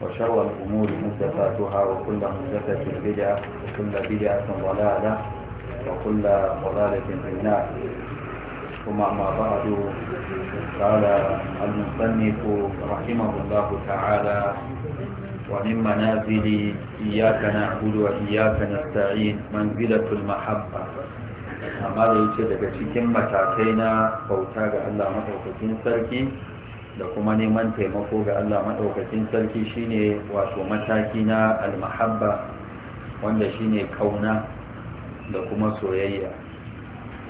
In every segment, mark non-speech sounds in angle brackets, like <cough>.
وشر الأمور محدثاتها وكل محدثة بدعة وكل بدعة ضلالة وكل ضلالة في النار ثم ما بعد قال المصنف رحمه الله تعالى ومن منازل إياك نعبد وإياك نستعين منزلة المحبة amma da yake daga cikin matakai na bauta ga Allah maɗaukakin sarki da kuma neman taimako ga Allah maɗaukacin sarki shine wato mataki na almahabba wanda shine kauna da kuma soyayya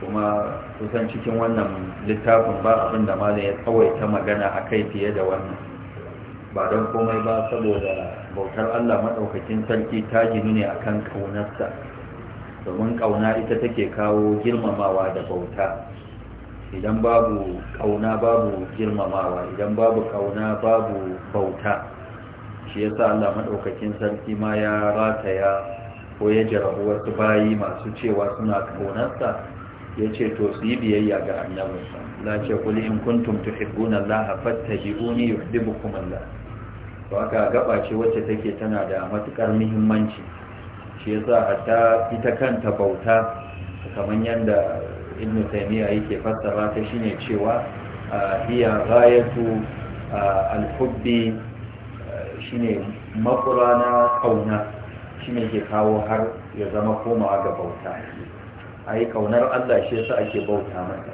kuma kusan cikin wannan littafin ba abin da malam ya tsawaita magana a kai fiye da wannan ba don komai ba saboda bautar Allah maɗaukakin sarki ta ginu ne akan kaunarsa domin kauna ita take kawo girmamawa da bauta idan babu kauna babu girmamawa idan babu kauna babu bauta shi yasa Allah madaukakin sarki ma ya rataya ko ya jarabu wasu bayi masu cewa suna kaunarsa ya ce to su yi biyayya ga annabinsa la ce kuli in kuntum tuhibbuna Allah fattabi'uni yuhibbukum Allah to aka gaba ce wacce take tana da matukar muhimmanci shi yasa hatta ita kanta bauta kamar yadda ibn taymiya yake fassara ta shine cewa ah, hiya ghayatu ah, al-hubbi ah, shine makura na kauna shine ke kawo har ya zama komawa ga bauta ai kaunar Allah shi yasa ake bauta masa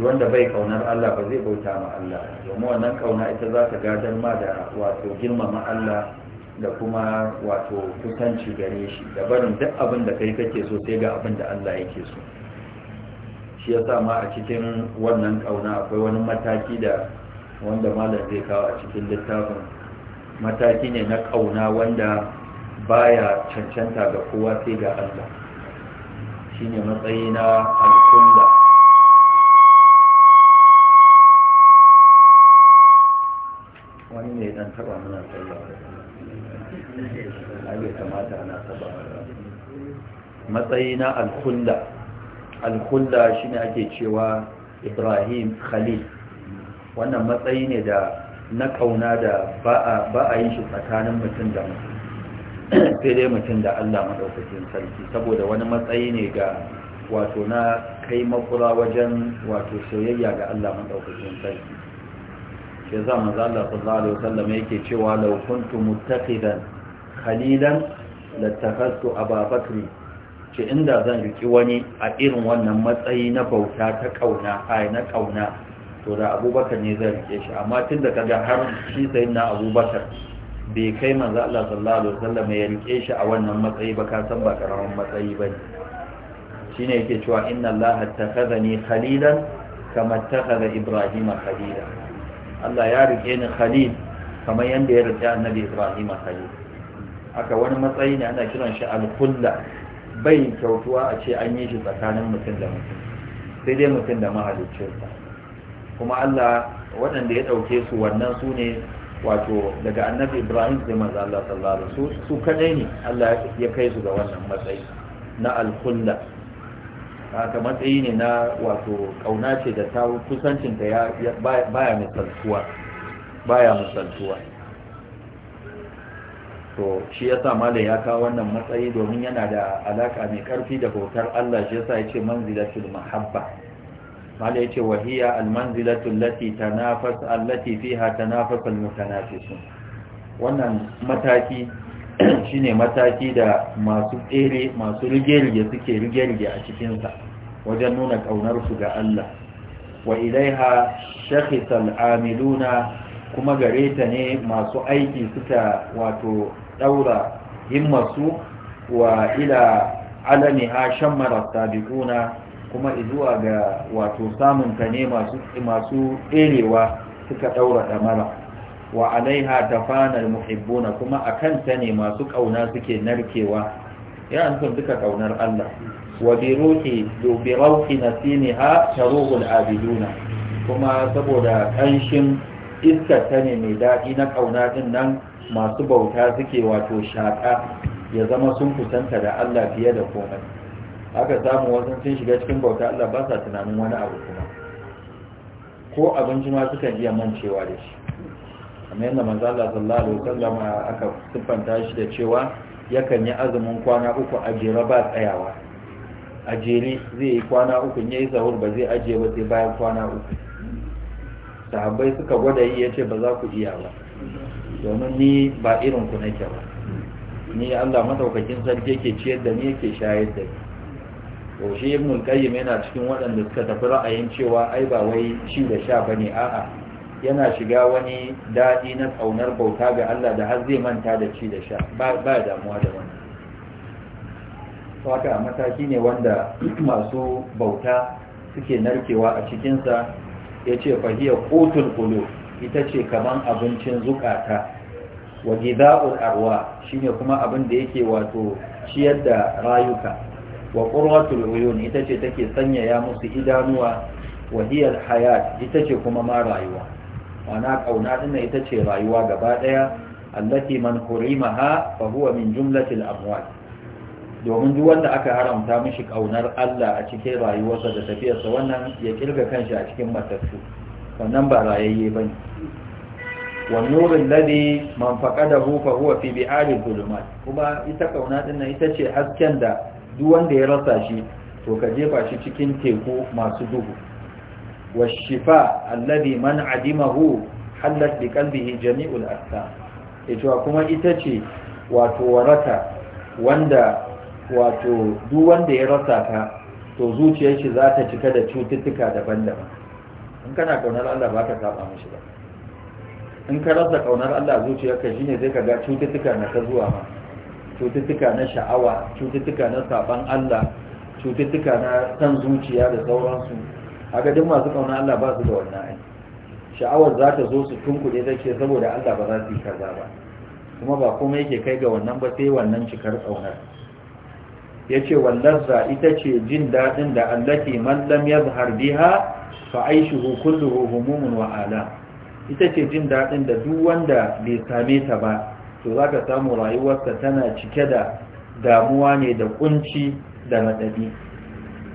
wanda bai kaunar Allah ba zai bauta ma Allah domin wannan kauna ita za ta gadar ma da wato girmama Allah da kuma wato kusanci gare shi da barin duk abin da kai kake so sai ga abin da Allah yake so shi ya sa ma a cikin wannan kauna akwai wani mataki da wanda malam zai kawo a cikin littafin mataki ne na kauna wanda baya cancanta ga kowa sai ga Allah shi ne matsayi na alkulla wani ne dan taba muna sallah ai bai kamata na taba matsayi na alkulla alkulla shi ne ake cewa ibrahim khalil wannan matsayi ne da na kauna da ba a yi shi tsakanin mutum da <clears throat> sai dai mutum da allah maɗaukakin sarki saboda wani matsayi ne ga wato na kai makura wajen wato soyayya ga allah maɗaukakin sarki ke za mu zala sallallahu alaihi wasallam yake cewa laukuntu kuntu muttaqidan khalilan a ababakri in inda zan riki wani a irin wannan matsayi na bauta ta kauna ai na kauna to da abubakar ne zan rike shi amma tun da kaga har shi sai na abubakar bai kai manzo Allah sallallahu alaihi wasallam ya rike shi a wannan matsayi ba ka san ba karaman matsayi bane shine yake cewa inna Allah takhazani khalilan kama takhadha Ibrahim khalila Allah ya rike ni khalil kamar yanda ya rike annabi Ibrahim khalil haka wani matsayi ne ana kiran shi al-kulla bai kyautuwa a ce an yi shi tsakanin mutum da mutum sai dai mutum da mahaliccinsa kuma Allah waɗanda ya ɗauke su wannan su ne wato daga annabi ibrahim sai manzo Allah sallallahu alaihi su kadai ne Allah ya kai su ga wannan matsayi na al-khulla haka matsayi ne na wato kauna ce da ta kusancinta ya baya misaltuwa baya misaltuwa to shi yasa malam ya kawo wannan matsayi domin yana da alaka mai karfi da bautar Allah shi yasa yace manzilatul mahabba malam yace wahiya hiya al manzilatul lati tanafas allati fiha tanafas al wannan mataki <clears throat> shine mataki da masu tsere masu rige-rige suke rige-rige a cikin sa wajen nuna kaunar su ga Allah wa ilaiha shakhisal amiluna kuma gare ta ne masu aiki suka wato daura su? wa ila alami ha shammara bikuna, kuma zuwa ga wato samun ta ne masu ɗerewa tserewa suka daura damara wa alaiha tafana muhibbuna kuma akan ta ne masu ƙauna suke narkewa ya an duka ƙaunar Allah wa bi ruhi Sini ha taruhul abiduna kuma saboda ƙanshin. iskar ta ne mai daɗi na ƙauna ɗin nan masu bauta suke wato shaƙa ya zama sun kusanta da Allah fiye da komai aka samu wasu sun shiga cikin bauta Allah ba sa tunanin wani abu kuma ko abinci ma suka iya mancewa da shi amma yadda manzo Allah sallallahu alaihi wasallam aka siffanta shi da cewa yakan yi azumin kwana uku a jere ba tsayawa a jere zai yi kwana uku yayi sahur ba zai ajiye ba sai bayan kwana uku sahabbai suka gwada yi ya ce ba za ku iya ba domin ni ba irin ku nake ba ni Allah masaukakin sarki yake ciyar da ni yake shayar da ni to shi ibn qayyim yana cikin waɗanda suka tafi ra'ayin cewa ai ba wai shi da sha bane a'a yana shiga wani daɗi na tsaunar bauta ga Allah da har zai manta da ci da sha ba damuwa da wannan to haka mataki ne wanda <clears throat> masu bauta suke narkewa a cikinsa ya ce fahiyar kotun kulu ita ce kaman abincin zukata wa gida'ul arwa shine kuma abin da yake wato ciyar da rayuka wa ƙurwatul uyun ita ce take sanyaya musu idanuwa wa hiyar hayat ita ce kuma ma rayuwa wana ƙauna ina ita ce rayuwa gaba ɗaya allati man hurimaha fa huwa min jumlatil amwat domin duk wanda aka haramta mishi kaunar Allah a cikin rayuwarsa da tafiyarsa wannan ya kirga kanshi a cikin matattu wannan ba rayayye ba ne wannurin lade man da hufa huwa fi bi'arin kuma ita kauna ɗin ita ce hasken da duk wanda ya rasa shi to ka jefa shi cikin teku masu duhu washifa allazi man adimahu hallat bi qalbihi jami'ul asa ita kuma ita ce wato waraka wanda wato duk wanda ya rasa ka to zuciyar shi za ta cika da cututtuka daban-daban in kana kaunar Allah ba ka saba mishi ba in ka rasa kaunar Allah zuciyarka shine zai ka ga cututtuka na ta zuwa ma cututtuka na sha'awa cututtuka na saban Allah cututtuka na san zuciya da sauransu haka duk masu kaunar Allah ba su da wannan ai sha'awar za ta zo su tunkuɗe ta saboda Allah ba za su yi kaza ba kuma ba kuma yake kai ga wannan ba sai wannan cikar kaunar yace wallazza ita ce jin daɗin da allati man lam yazhar biha fa aishuhu kulluhu humumun wa ala ita ce jin daɗin da duk wanda bai same ta ba to zaka samu rayuwarsa tana cike da damuwa ne da kunci da madadi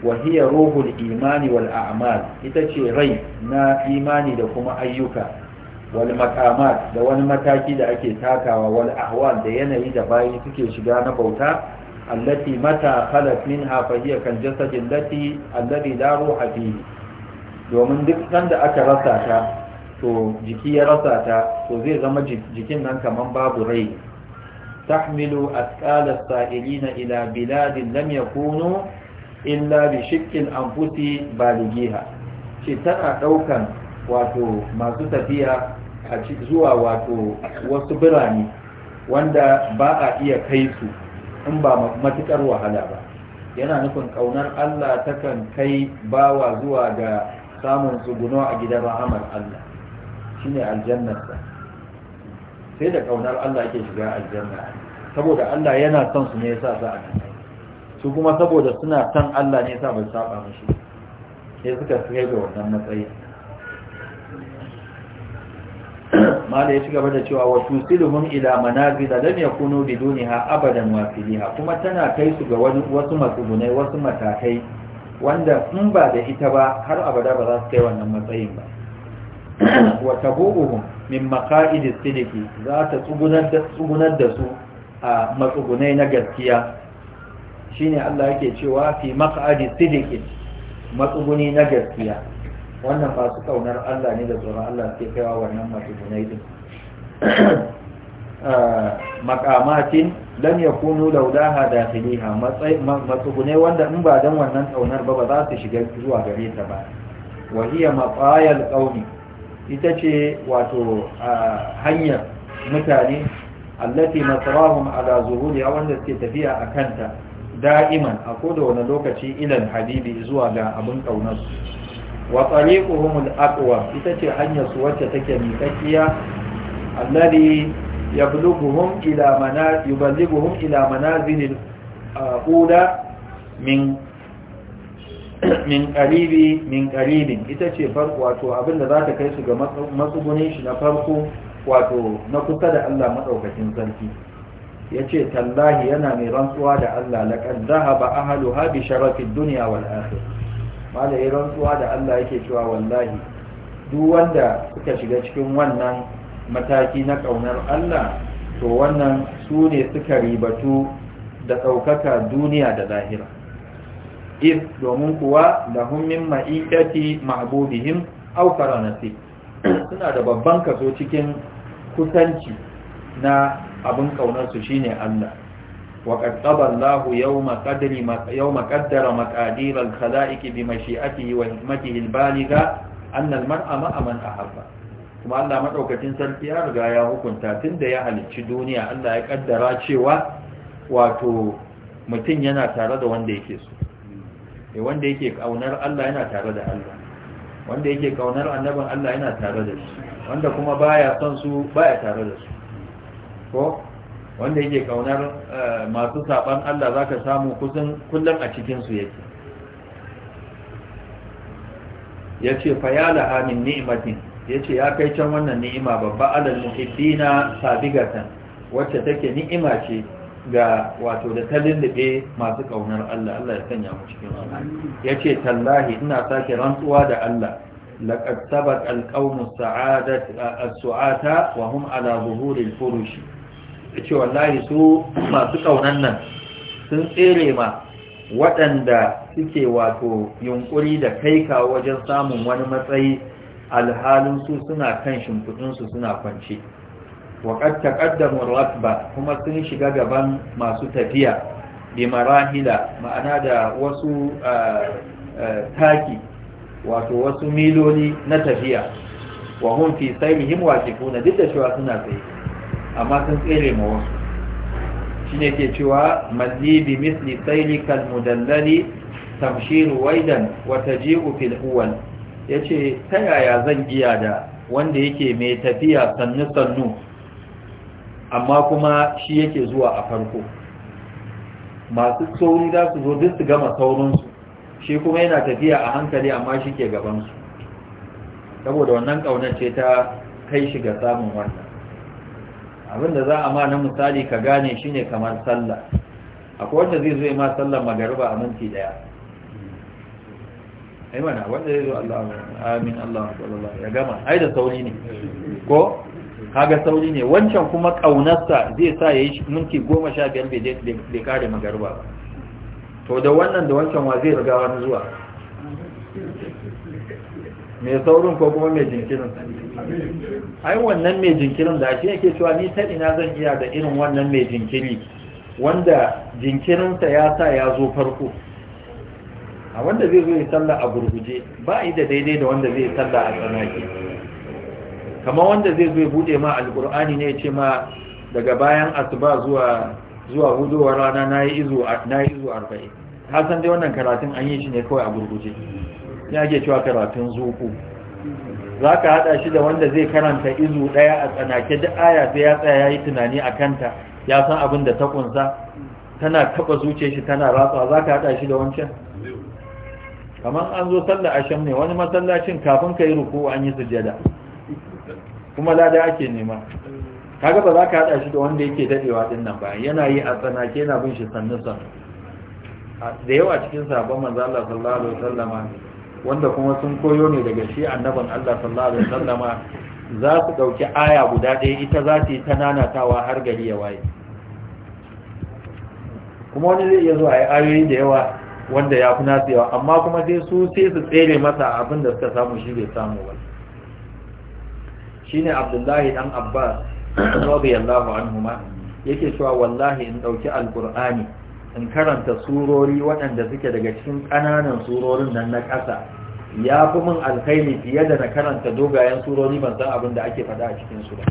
wa hiya ruhul imani wal a'mal ita ce rai na imani da kuma ayyuka wal maqamat da wani mataki da ake takawa wal ahwal da yanayi da baya suke shiga na bauta التي متى خلت منها فهي كالجسد التي الذي لا روح فيه domin duk sanda aka rasa ta to jiki ya rasa ta to zai zama jikin nan kaman babu rai tahmilu asqala sa'ilina ila biladin lam yakunu illa bi shikkil anfusi baligiha ce tana daukan wato masu tafiya zuwa wato wasu birane wanda ba a iya kai su in ba matukar wahala ba yana nufin ƙaunar Allah takan kai bawa zuwa ga samun tsuguno a gidan rahamar Allah shine aljannarsa sai da kaunar Allah ke shiga aljanna saboda Allah yana son su ne yasa za a nan su kuma saboda suna son Allah ne yasa ba saba mashi sai suka kai ga wannan matsayin <coughs> mala ya ci gaba da cewa wa tusiluhum ila manazil lam yakunu bidunha abadan wafiliha kuma tana kai su ga wasu matsugunai wasu matakai wanda in ba da ita ba har abada ba za su kai wannan matsayin ba <coughs> wata tabuhum min maqaid as za ta tsugunar da su a matsugunai na gaskiya shine Allah yake cewa fi maqaid as matsuguni na gaskiya wannan su kaunar Allah ne da tsoron Allah ke kaiwa wannan masu junaidin <clears throat> ah, makamatin dan ya kunu laudaha da filiha matsugune wanda in ba don wannan tsaunar ba ba za su shiga zuwa gare ta ba wahiyar matsayar tsauni ita ce wato ah, hanyar mutane allati masarahun ala zuhuri wanda suke tafiya a kanta da'iman a koda wani lokaci ilan habibi zuwa ga abin kaunarsu wa tariquhum al ita ce hanyar su wacce take miƙaƙiya alladhi ya ila mana ila min min min ita ce farko wato abinda za ta kai su ga matsugunin shi na farko wato na kusa da Allah madaukakin sarki yace tallahi yana mai rantsuwa da Allah laqad ba ahluha bi sharafin duniya wal mala ya rantsuwa da Allah yake cewa wallahi duk wanda suka shiga cikin wannan mataki na ƙaunar Allah to wannan su ne suka ribatu da ɗaukaka duniya da lahira if domin kuwa lahum min ma'ikati ma'budihim aw karanati suna da babban kaso cikin kusanci na abin ƙaunarsu shine Allah وقد قضى الله يوم قدر يوم قدر مقادير الخلائق بمشيئته وحكمته البالغة أن المرء مع من أحب kuma Allah maɗaukacin sarki ya riga ya hukunta tunda ya halicci duniya Allah ya kaddara cewa wato mutum yana tare da wanda yake so eh wanda yake kaunar Allah yana tare da Allah wanda yake kaunar annabin Allah yana tare da shi wanda kuma baya son su baya tare da su wanda yake kaunar eh, masu saban Allah zaka samu kusan kullum a cikin su yake yace fa ya laha min ni'matin yace ya kai can wannan ni'ima babba alal muhibbina sabigatan wacce take ni'ima ce ga wato da ta lullube masu kaunar Allah Allah ya sanya mu cikin su yace tallahi ina sake rantsuwa da Allah laqad sabaq alqawmu sa'adat eh, as-su'ata wa hum ala zuhuril furushi ya ce wallahi su masu ƙaunan nan sun tsere ma waɗanda suke wato yunƙuri da kai kawo wajen samun wani matsayi alhalin su suna kan shimfiɗinsu suna kwance waƙad taƙaddamun ratba kuma sun shiga gaban masu tafiya bi marahila ma'ana da wasu taki wato wasu miloli na tafiya wa hun fi sairihim wasifuna duk da cewa suna tsaye amma sun tsere ma wasu shine ke cewa bi misli kan mudallali tamshiru waidan wata ji'u fil uwal yace ta yaya zan giya da wanda yake mai tafiya sannu sannu amma kuma shi yake zuwa a farko masu sauri za su zo duk su gama saurinsu shi kuma yana tafiya a hankali amma shi ke gabansu saboda wannan ƙaunar ce ta kai shi ga samun wannan abinda za a ma na misali ka gane shi ne kamar sallah akwai wanda zai zo ma sallah magariba a minti daya ai mana wanda zai zo Allah amin Allah sallallahu ya gama ai da sauri ne ko kaga sauri ne wancan kuma kaunarsa zai sa yayi minti 15 bai bai kare magariba ba to da wannan da wancan wa zai riga wani zuwa mai saurin ko kuma mai jinkirin ai wannan mai jinkirin da shi yake cewa ni ta ina zan iya da irin wannan mai jinkiri wanda jinkirinsa ya sa ya zo farko a wanda zai zo ya salla a gurguje ba yi da daidai da wanda zai salla a tsanaki kama wanda zai zo ya bude ma alkur'ani ne ce ma daga bayan asuba zuwa zuwa hudowar rana na yi izu arba'in hasan dai wannan karatun an yi shi ne kawai a gurguje ya ke cewa karatun zuku za ka haɗa shi da wanda zai karanta izu ɗaya a tsanake duk aya sai ya tsaya ya yi tunani a kanta ya san abin da ta ƙunsa tana taɓa zuce shi tana ratsa za ka haɗa shi da wancan kamar an zo sallar asham ne wani masallacin kafin ka yi ruku an yi sujada kuma lada ake nema ka ba za ka haɗa shi da wanda yake daɗewa ɗin nan ba yana yi a tsanake yana bin shi sannu sannu da yawa cikin sabon manzo Allah sallallahu alaihi wasallama wanda kuma sun koyo ne daga shi annabin Allah sallallahu alaihi wasallam za su dauki aya guda ɗaya ita za su yi ta nanatawa har gari ya waye kuma wani zai iya zuwa ya ayoyi da yawa wanda ya fi nasu yawa amma kuma sai su sai su tsere masa abin da suka samu shi bai samu ba shine abdullahi dan abbas <coughs> radiyallahu ma yake cewa wallahi in dauki alqur'ani in karanta surori waɗanda suke daga cikin ƙananan surorin nan na ƙasa ya fi min alkhairi fiye da na karanta dogayen surori ban san abin da ake faɗa a cikinsu ba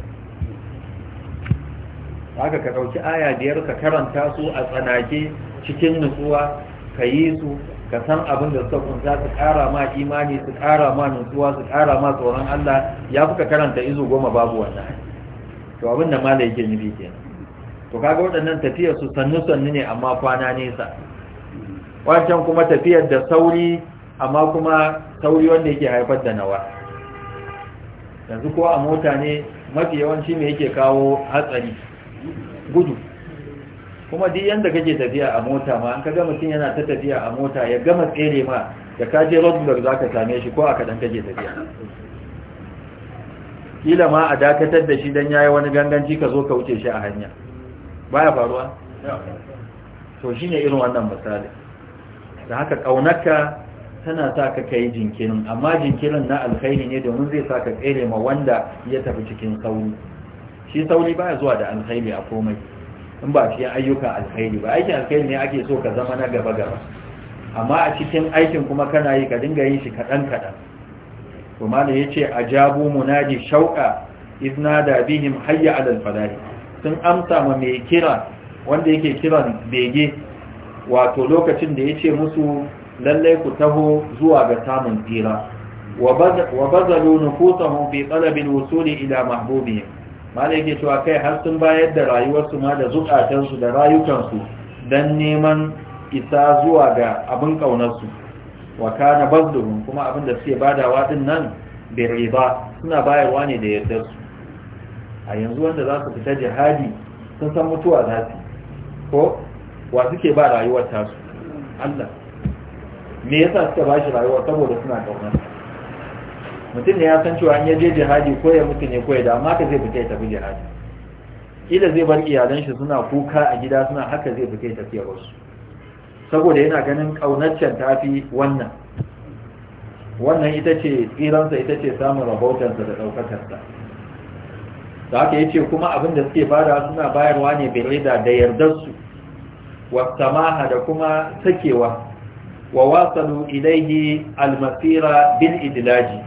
haka ka ɗauki aya biyar ka karanta su a tsanake cikin nutsuwa ka yi su ka san abin da suka kunsa su ƙara ma imani su ƙara ma nutsuwa su ƙara ma tsoron Allah ya fi ka karanta izu goma babu wannan to abin da mala ke nufi kenan to kaga waɗannan tafiyar su sannu sannu ne amma kwana nesa wancan kuma tafiyar da sauri amma kuma sauri wanda yake haifar da nawa yanzu ko a mota ne mafi yawanci mai yake kawo hatsari gudu kuma duk yanda kake tafiya a mota ma an kaga mutum yana ta tafiya a mota ya gama tsere ma da ka je za ka same shi ko a kaɗan kake tafiya kila ma a dakatar da shi dan yayi wani ganganci ka zo ka wuce shi a hanya baya faruwa to shine irin wannan misali da haka kaunarka tana sa ka kai jinkirin amma jinkirin na alkhairi ne domin zai saka ka tsere ma wanda ya tafi cikin sauri shi sauri baya zuwa da alkhairi a komai in ba cikin ayyukan alkhairi ba aikin alkhairi ne ake so ka zama na gaba gaba amma a cikin aikin kuma kana yi ka dinga yin shi kaɗan kaɗan kuma da ya ce a jabu munadi shauƙa izna da bihim hayya alal fadari sun amsa ma mai kira wanda yake kiran bege wato lokacin da ya ce musu lallai ku taho zuwa ga samun tsira wa bazalu nufusahum fi talabi al-wusuli ila mahbubihim malai yake cewa kai har sun bayar da rayuwarsu ma da zukatansu da rayukansu dan neman isa zuwa ga abin kaunarsu wa kana bazdu kuma abin da suke badawa din nan bi riba suna bayarwa ne da yardarsu a yanzu wanda za su fita jihadi sun san mutuwa za su ko wa suke ba rayuwar tasu Allah me yasa suka ba shi rayuwar saboda suna kaunar mutum ne ya san cewa an ya je jihadi ko ya mutu ne ko ya da amma ka zai fita ya tafi jihadi ila zai bar iyalan shi suna kuka a gida suna haka zai fita ya tafi ya wasu saboda yana ganin kaunaccen tafi wannan wannan ita ce tsiransa ita ce samun rahotonsa da ɗaukakarsa da haka yace kuma abin da suke bada suna bayarwa ne bi rida da yardar su wa samaha da kuma sakewa wa wasalu ilaihi al-masira bil idlaji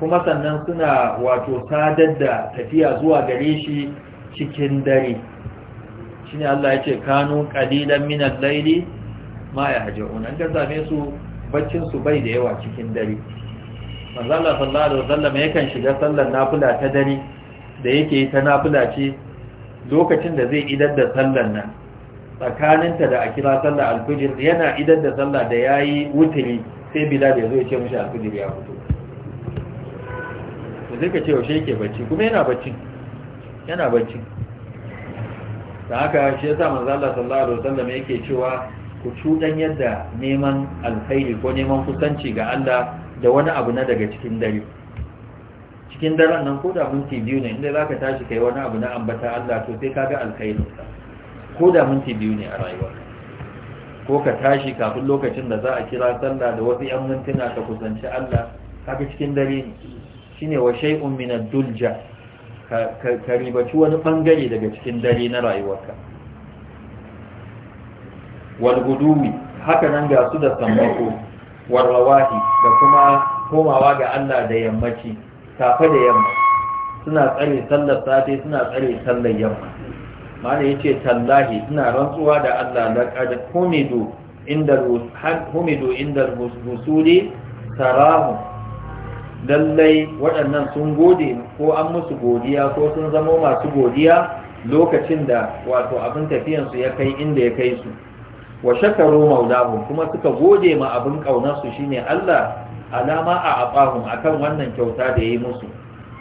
kuma sannan suna wato sadar da tafiya zuwa gare shi cikin dare shine Allah yace kanu qalilan min al-layli ma yahja'un an same su baccin su bai da yawa cikin dare manzo Allah sallallahu alaihi wasallam yakan shiga sallar nafila ta dare da yake ta nafila ce lokacin da zai idar da sallar nan tsakaninta da a kira sallar alfijir yana idar da sallar da ya yi wuturi sai bilal ya zo ya ce mashi alfijir ya fito da zai ka ce yaushe yake bacci kuma yana bacci yana bacci da haka shi yasa manzo Allah sallallahu alaihi wasallam yake cewa ku cudan yadda neman alkhairi ko neman kusanci ga Allah da wani abu na daga cikin dare cikin daren nan ko da minti biyu ne inda za ka tashi kai wani abu na ambata Allah to sai ka ga alkhairinsa ko da minti biyu ne a rayuwa ko ka tashi kafin lokacin da za a kira sallah da wasu ‘yan mintuna ka kusanci Allah haka cikin dare ne shi ne shay'un min ad dulja ka ribaci wani bangare daga cikin dare na rayuwarka gudumi haka nan ga su da sammako rawahi da kuma komawa ga Allah da yammaci safe da yamma suna tsare sallar safe suna tsare sallar yamma mana yace tallahi suna rantsuwa da Allah laqad humidu inda humidu inda rusuli sarahu lallai waɗannan sun gode ko an musu godiya ko sun zama masu godiya lokacin da wato abin tafiyansu ya kai inda ya kai su wa shakaru maulahum kuma suka gode ma abin su shine Allah alama a afahum akan wannan kyauta da yi musu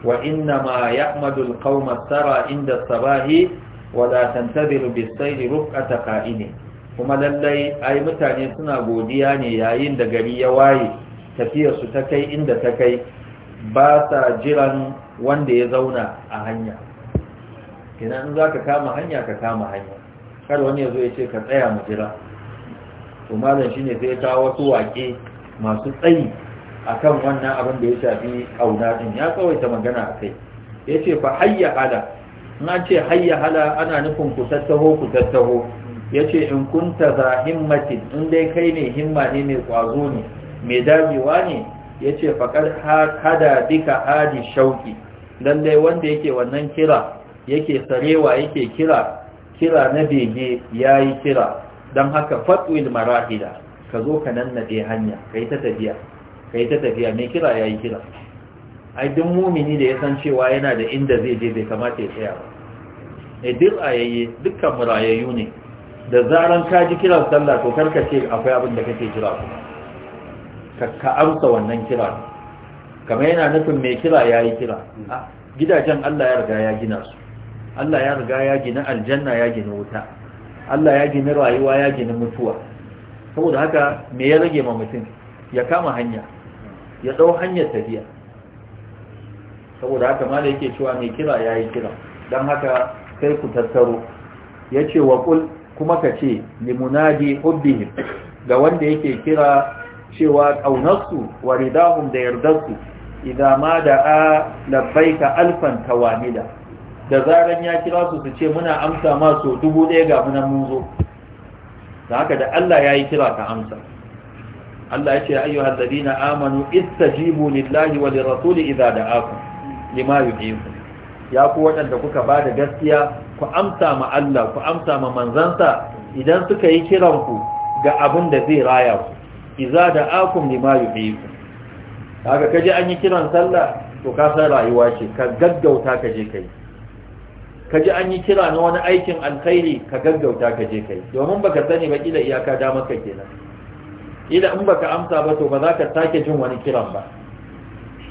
wa inna ma yahmadul qauma tara inda sabahi wa la tantabiru bis qa'ini kuma lallai ai mutane suna godiya ne yayin da gari ya waye tafiyar su ta kai inda ta kai ba sa jiran wanda ya zauna a hanya kenan in zaka kama hanya ka kama hanya kar wani ya zo ya ce ka tsaya mu jira to malam shine sai ya wasu waƙe masu tsayi akan wannan abin da ya shafi auna din ya tsawaita magana a kai ya ce fa hayya hala na ce hayya hala ana nufin ku tattaho ku tattaho ya in kunta za himmatin in dai kai ne himma ne mai kwazo ne mai dagewa ne Yace ce faƙar hada duka hadi shauki lallai wanda yake wannan kira yake sarewa yake kira kira na bege ya yi kira don haka fatwil marahila ka zo ka nan hanya ka yi ta tafiya Ka yi ta tafiya mai kira ya yi kira ai duk mumini da ya san cewa yana da inda zai je bai kamata ya tsaya ba e duk ayayye dukkan murayayyu ne da zaran ka ji kiran sallah to karka ce akwai abin da kake jira ku. ka ka amsa wannan kira kamar yana nufin mai kira ya yi kira gidajen Allah ya riga ya gina su Allah ya riga ya gina aljanna ya gina wuta Allah ya gina rayuwa ya gina mutuwa saboda haka me ya rage ma mutum ya kama hanya ya ɗau hanyar tafiya saboda haka mala yake cewa mai kira ya yi kira Don haka sai ku tattaro yace wa ƙul kuma ka kace limunadi hubbihim ga wanda yake kira cewa ƙaunarsu wa ridahun da yardarsu idan ma da a ka alfan tawamila da zaran ya kira su su ce muna amsa masu dubu ɗaya ga munan munzo zo da haka da Allah ya yi kira ka amsa Allah ya ce ayyuhal ladina amanu istajibu lillahi wa lirrasuli idza da'akum lima yuhibbu ya ku waɗanda kuka ba da gaskiya ku amsa ma Allah ku amsa ma manzansa idan suka yi kiran ku ga abin da zai raya ku idza da'akum lima yuhibbu kaga kaje an yi kiran sallah to ka san rayuwa ce ka gaggauta ka je kai kaje an yi kira na wani aikin alkhairi ka gaggauta ka je kai domin baka sani ba kila iyaka da maka kenan Idan in baka amsa ba to ba za ka sake jin wani kiran ba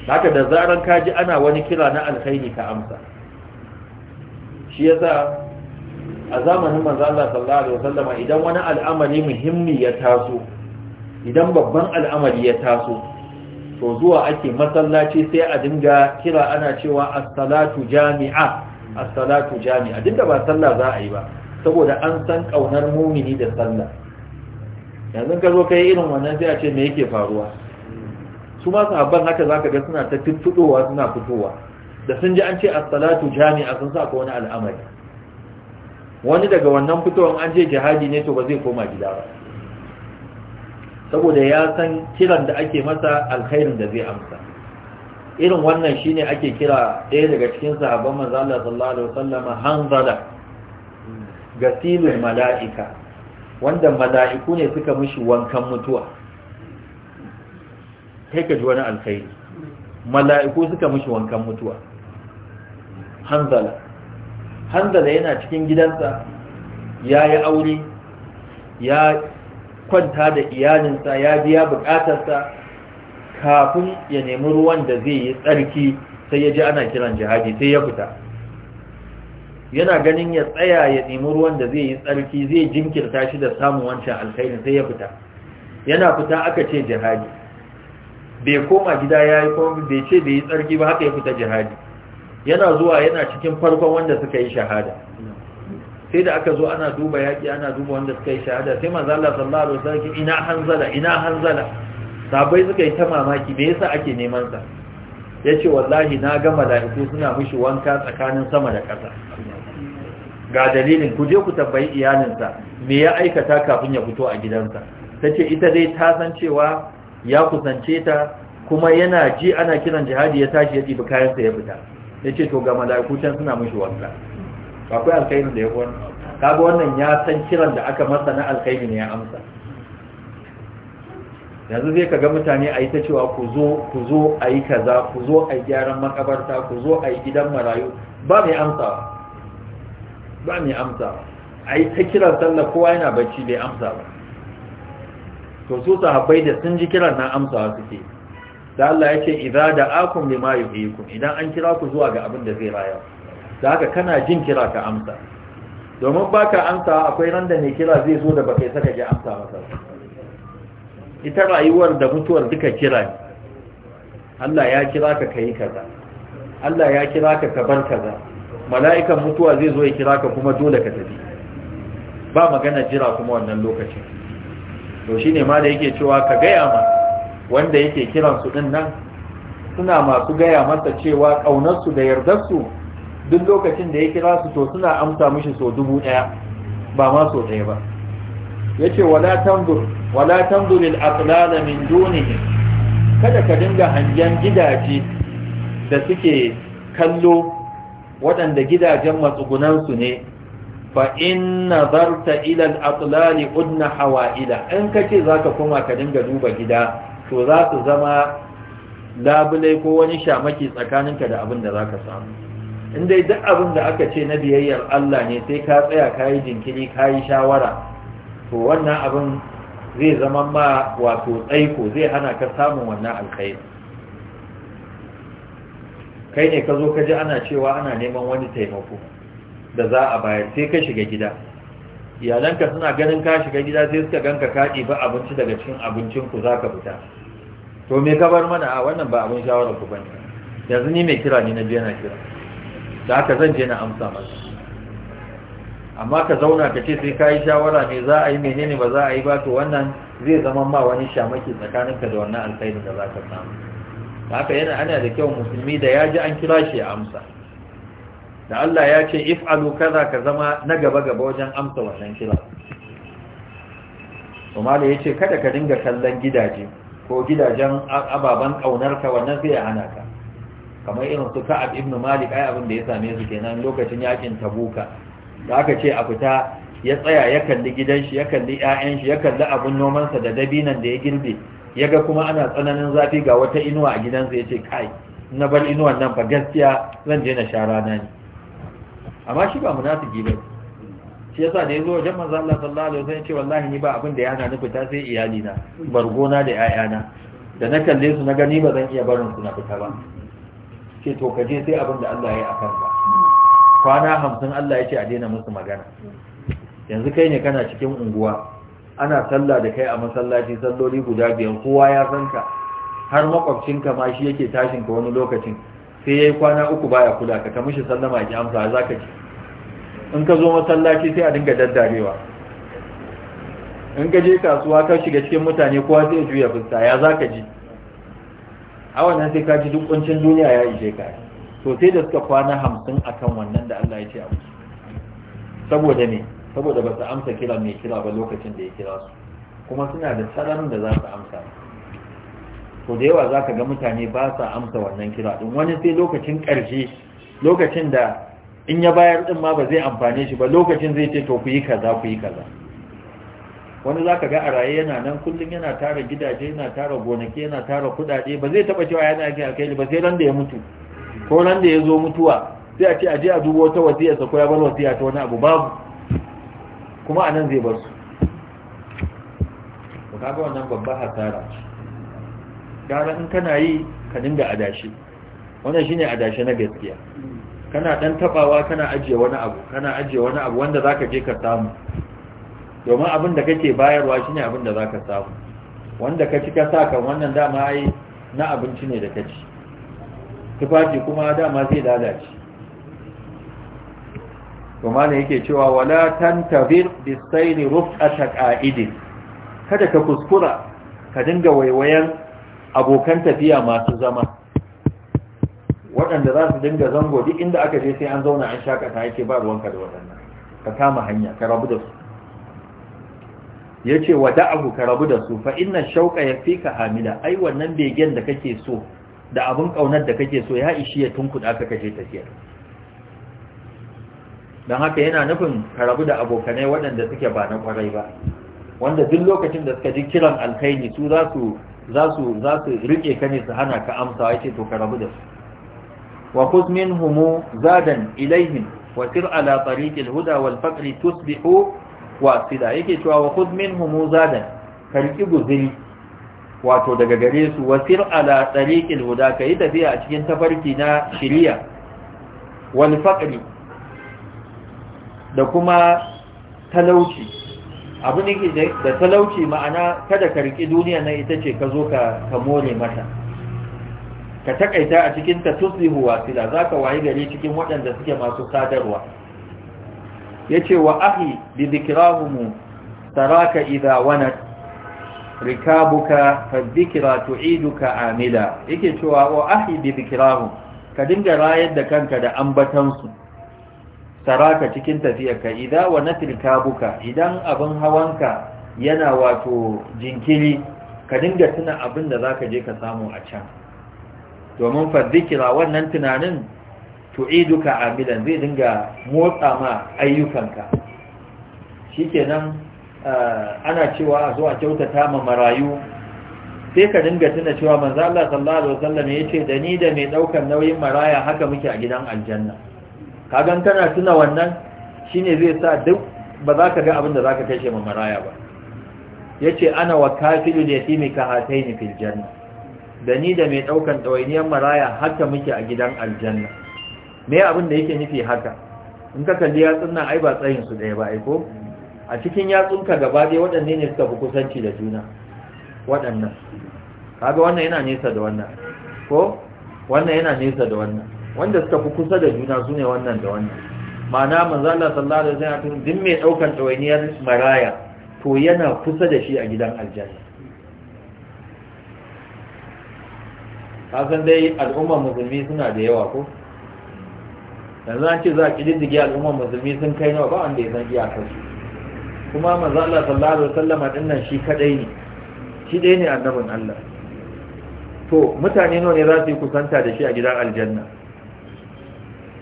haka da zaran ka ji ana wani kira na alkhairi ka amsa shi yasa a zamanin manzo Allah sallallahu alaihi wasallama idan wani al'amari muhimmi ya taso idan babban al'amari ya taso to zuwa ake masallaci sai a dinga kira ana cewa as-salatu jami'a as-salatu jami'a dinga ba sallah za a yi ba saboda an san kaunar mumini da sallah yanzu ka zo ka yi irin wannan sai a ce me yake faruwa su ma sahabban haka zaka ga suna ta tuttuɗowa suna fitowa da sun ji an ce as-salatu jami'a sun sa ka wani al'amari wani daga wannan fitowar an je jihadi ne to ba zai koma gida ba saboda ya san kiran da ake masa alkhairin da zai amsa irin wannan shine ake kira ɗaya daga cikin sahabban manzo Allah sallallahu alaihi wasallam hanzala gasilul mala'ika wanda mala'iku ne suka mishi wankan mutuwa take ji wani alkhairi mala'iku suka mishi wankan mutuwa hanzala hanzala yana cikin gidansa ya yi aure ya kwanta da iyalinsa ya biya bukatarsa kafin ya nemi ruwan da zai yi tsarki sai ya ji ana kiran jihadi sai ya fita yana ganin ya tsaya ya nemi ruwan da zai yi tsarki zai jinkirta shi da samun wancan alkhairin sai ya fita yana fita aka ce jihadi bai koma gida ya yi kuma bai ce bai yi tsarki ba haka ya fita jihadi yana zuwa yana cikin farkon wanda suka yi shahada sai da aka zo ana duba yaƙi ana duba wanda suka yi shahada sai manzo Allah sallallahu alaihi wasallam ina hanzala ina hanzala sabai suka yi ta mamaki me yasa ake neman sa yace wallahi na ga mala'iku suna mishi wanka tsakanin sama da ƙasa ga dalilin ku je ku tambayi iyalinsa me ya aikata kafin ya fito a gidansa ta ce ita dai ta san cewa ya kusance ta kuma yana ji ana kiran jihadi ya tashi ya ɗibi kayansa ya fita ya ce to ga malaku can suna mushi wanka akwai alkhairin da ya wani kaga wannan ya san kiran da aka masa na alkhairi ne ya amsa yanzu zai ga mutane a yi ta cewa ku zo ku zo a yi kaza ku zo a yi gyaran makabarta ku zo a yi gidan marayu ba mai amsawa ba mai amsa ba. a yi ta kiran sallar kowa yana bacci bai amsa ba to su sahabbai da sun ji kiran na amsa amsawa suke da Allah ya ce idza da'akum lima kun, idan an kira ku zuwa ga abin da zai raya da haka kana jin kira ka amsa domin baka amsa akwai ran da mai kira zai zo da baka saka ji amsa masa ita rayuwar da mutuwar duka kira ne Allah ya kira ka yi kaza Allah ya kira ka ka bar kaza mala'ikan mutuwa zai zo ya kira ka kuma dole ka tafi ba magana jira kuma wannan lokaci to shine ma da yake cewa ka gaya ma wanda yake kiran su din nan suna masu gaya masa cewa kaunar su da yardar su duk lokacin da ya kira su to suna amsa mishi so dubu daya ba ma so daya ba yace wala tanzur wala tanzur al min dunihi kada ka dinga hangen gidaje da suke kallo waɗanda gidajen matsugunansu ne fa inna zarta ilal al-atlali udna hawaila in kace zaka koma ka dinga duba gida to za su zama labule ko wani shamaki tsakaninka da abin da ka samu in dai duk abin da aka ce na biyayyar Allah ne sai ka tsaya kayi jinkiri kayi shawara to wannan abin zai zama ma wato tsaiko zai hana ka samun wannan alkhairi kai ne ka zo ka ji ana cewa ana neman wani taimako da za a bayar sai ka shiga gida iyalanka suna ganin ka shiga gida sai suka ganka ka ba abinci daga cikin abincinku za ka fita to me ka bar mana a wannan ba abin shawarar ku bane yanzu ni mai kira ne na je na kira da aka zan je na amsa masa amma ka zauna ka ce sai ka yi shawara ne za a yi menene ba za a yi ba to wannan zai zama ma wani shamaki tsakaninka da wannan alkhairi da za ka samu haka yana ana da kyau musulmi da ya ji an kira shi ya amsa da Allah ya ce if if'alu kaza ka zama na gaba gaba wajen amsa wannan kira kuma da yace kada ka dinga kallon gidaje ko gidajen ababan kaunar wannan zai hana ka kamar irin su Ka'ab ibn Malik ai abin da ya same su kenan lokacin yakin Tabuka da aka ce a fita ya tsaya ya kalli gidan shi ya kalli ƴaƴan shi ya kalli abun noman sa da dabinan da ya girbe ya ga kuma ana tsananin zafi ga wata inuwa a gidansa ya ce kai na bar inuwan nan ba gaskiya zan je na sha rana ne amma shi ba munafiki ba shi yasa da yazo wajen manzo Allah sallallahu alaihi wasallam ce wallahi ni ba abin da yana nufi ta sai iyali na bargona da 'ya'yana. da na kalle su na gani ba zan iya barin su na fita ba ce to ka je sai abin da Allah ya yi akan kanka. kwana hamsin Allah ya ce a daina musu magana yanzu kai ne kana cikin unguwa ana sallah da kai a masallaci salloli guda biyan kowa ya san har makwabcinka ma shi yake tashin ka wani lokacin sai yayi kwana uku baya kula ka kamishi sallama ki amsa za ka ci in ka zo masallaci sai a dinga daddarewa in ka je kasuwa ka shiga cikin mutane kowa sai ya juya fuska ya za ka ji a wannan sai ka ji duk kuncin duniya ya ishe ka to sai da suka kwana hamsin akan wannan da Allah ya ce a saboda ne saboda ba su amsa kira mai kira ba lokacin da ya kira su kuma suna da tsaron da za su amsa to da yawa za ka ga mutane ba sa amsa wannan kira din wani sai lokacin ƙarshe lokacin da in ya bayar din ma ba zai amfane shi ba lokacin zai ce to ku yi kaza ku yi kaza wani za ka ga a raye yana nan kullum yana tara gidaje yana tara gonaki yana tara kudade. ba zai taba cewa yana kai alkaili ba sai ran da ya mutu ko ran da ya zo mutuwa sai a ce a je a dubo wata wasiyarsa ko ya bar wasiya ta wani abu babu kuma a nan zai bar su ba kaga wannan babban hasara gara in kana yi ka dinga adashi wannan shine adashi na gaskiya kana dan tabawa kana ajiye wani abu kana ajiye wani abu wanda zaka je ka samu domin abin da kake bayarwa shine abin da zaka samu wanda ka ci ka saka wannan dama ai na abinci ne da kaci tufafi kuma dama zai lalace to mana yake cewa wala tantazir bisaini ruf'ata qa'idin kada ka kuskura ka dinga waiwayen abokan tafiya masu zama waɗanda za su dinga zango duk inda aka je sai an zauna an shakata yake ba ruwanka da waɗannan ka kama hanya ka rabu da su yace wada'ahu ka rabu da su fa inna shauqa yafika hamila ai wannan begen da kake so da abun kaunar da kake so ya ishi ya tunkuda ka kaje tafiyar don haka yana nufin ka da abokanai waɗanda suke ba na ƙwarai ba wanda duk lokacin da suka ji kiran alkhairi su za su za su za su rike ka ne su hana ka amsa yace to ka da su wa khudh minhum zadan Ilaihin, wa sir ala tariq Huda wal faqr tusbihu sida yake cewa wa khudh Humu zadan ka riki guzuri wato daga gare su wa sir ala tariq alhuda kai tafiya a cikin tafarki na shiriya wal faqr da kuma talauci abu ne da talauci ma'ana kada ka riki duniya na ita ce ka zo ka more mata ka takaita a cikin ta tuslihu wasila za ka wayi gari cikin waɗanda suke masu sadarwa ya ce wa ahi bi zikirahumu taraka idha wana rikabuka fa zikira tu'iduka amila yake cewa wa ahi bi zikirahum ka dinga rayar da kanka da ambatansu saraka cikin tafiyarka idza wa natilka buka idan abin hawanka yana wato jinkiri ka dinga tuna abin da za ka je ka samu a can domin fa wannan tunanin tu'iduka amilan zai dinga motsa ma ayyukanka shikenan eh, ana cewa a zuwa kyautata ma marayu sai ka dinga tuna cewa manzo Allah sallallahu alaihi wasallam yace da ni da mai daukar nauyin maraya haka muke a gidan aljanna kagan kana tuna wannan shine zai sa duk ba za ka ga abin da za ka kashe maraya ba ya ce ana wa kafilu da yatimi ka hataini fil janna da ni da mai ɗaukan ɗawainiyar maraya haka muke a gidan aljanna me abin da yake nufi haka in ka kalli yatsun nan ai ba tsayin su ɗaya ba aiko a cikin yatsunka gaba ɗaya waɗanne ne suka fi kusanci da juna waɗannan kaga wannan yana nesa da wannan ko wannan yana nesa da wannan wanda suka fi kusa da juna su ne wannan da wannan ma'ana manzala sallallahu alaihi wasallam din mai daukan ɗawainiyar maraya to yana kusa da shi a gidan aljanna kasan dai al'ummar musulmi suna da yawa ko yanzu an ce za a kididdige al'ummar musulmi sun kai nawa ba wanda ya san iyakar su kuma manzala sallallahu alaihi wasallam din nan shi kadai ne shi dai ne annabin Allah to mutane nawa ne za su yi kusanta da shi a gidan aljanna